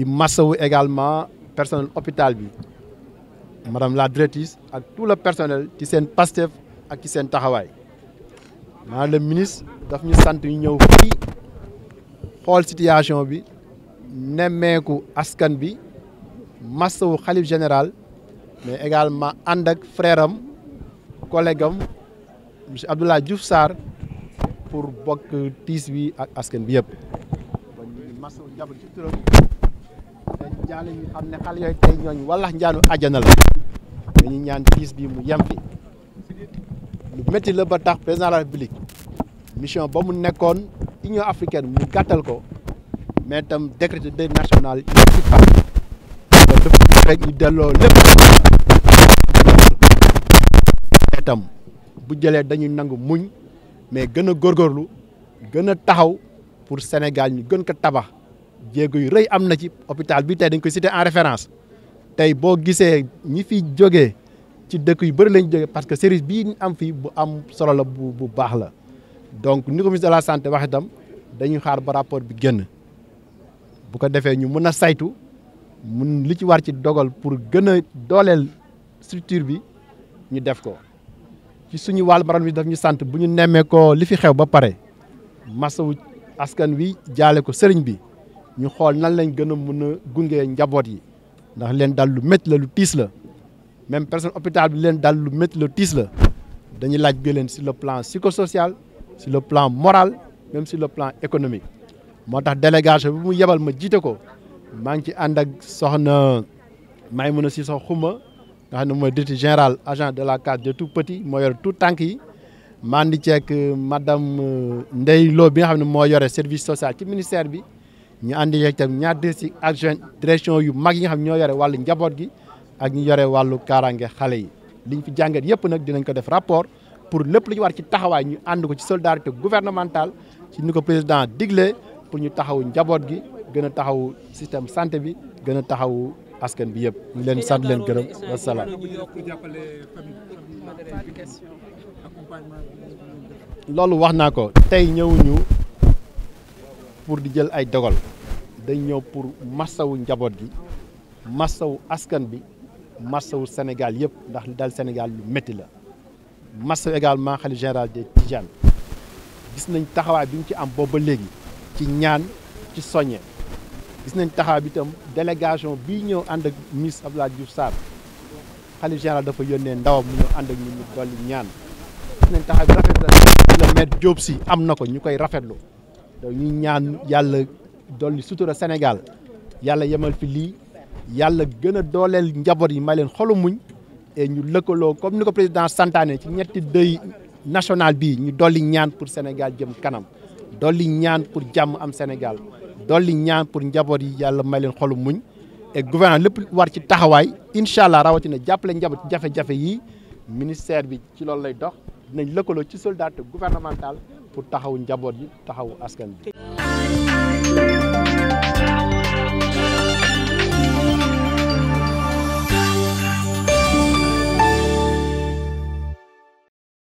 di masawu également personnel hôpital bi madame la directrice ak tout le personnel ci s'est Pastef ak ci s'est taxawaay Madame le ministre daf ñu sant ñu ñëw fii xool situation bi nemmeeku askan bi masawu Khalif général mais également ànd Fréram, frère am collègue monsieur Abdoulaye Diouf Sarr pour bokk tiis bi ak askan bi yëpp. jaale yi xam ne xale yooyu tey ñooñu walax njaanu la dañu ñaan tiis bii mu yem fi lu métti la ba tax président de la république mission ba mu nekkoon union africaine mu gàttal ko mais itam décret de deuil national yi ci fa dafa rek ñu delloo lépp itam bu jëlee dañuy nangu muñ mais gën a góorgóorlu gën a taxaw pour Sénégal ñu gën ko tabax jéego yu reuy amna ci hôpital bi tay dañ koy cité en référence tay bo gissé ñi fi joggé ci dëkk yu bëri lañ joggé parce que service bii am fi bu am solo la bu bu baax la donc ni ko ministre de la santé wax itam dañu xaar ba rapport bi génn bu ko défé ñu mëna saytu mun li ci war ci dogal pour gëna dolel structure bi ñu def ko ci suñu wal maran bi daf ñu sant bu ñu némé ko li fi xew ba pare masawu askan wi jaale ko sëriñ bi nous xool nan lañ gëna mëna gungé njabot yi ndax leen dal lu met la lu tiss la même personne hôpital bi leen dal lu met le tiss la dañuy laaj bi leen sur le plan psychosocial sur le plan moral même sur le plan économique motax délégation bi mu yebal ma jité ko ma ngi ci and ak soxna ci Cissé xuma nga xam ne mooy général agent de la case de tout petit, moo yor tout tank yi mandi ci ak madame euh, Ndeye Lo bi nga xam ne yoré service social ci ministère bi ñu andi ak tam ñaar ci action direction yu mag yi nga xam ñoo yore walu njabot gi ak ñu yore walu karange xalé yi liñ fi jàngat yépp nag dinañ ko def rapport pour lépp lu ñu war ci taxawaay ñu ànd ko ci solidarité gouvernementale ci ni ko président digle pour ñu taxaw njabot gi gën a taxaw système santé bi gën a taxaw askan bi yépp ñu leen sant leen gërëm wasalaam loolu wax naa ko tey ñëwuñu pour di jël ay dogal dañ ñëw pour massawu njaboot gi massawu askan bi massawu Sénégal yëpp ndax li dal Sénégal lu métti la massawu également xalif général de Tidianes gis nañ taxawaay bi ñu ci am boobu ba léegi ci ñaan ci soññe gis nañ taxawaay bi itam délégation bi ñëw ànd ak ministre Abdoulaye Diouf Sarr xalif général dafa yónnee ndawam mu ñëw ànd ak ñun ñu dolli ñaan gis nañ taxawaay bi rafet la maître Diop si am na ko ñu koy rafetlu ñu ñaan Sénégal yalla yemal fi li yalla a le yi comme le président santané ci ñetti national bi ñu ñaan pour Sénégal jëm kanam doli ñaan pour jamm am Sénégal doli ñaan pour njaboot yi yalla et gouvernement lepp war ci taxaway inshallah ministère bi ci loolu lay dox dinañ lekkolo ci soldat gouvernemental pour taxaw njaboot bi taxaw askan bi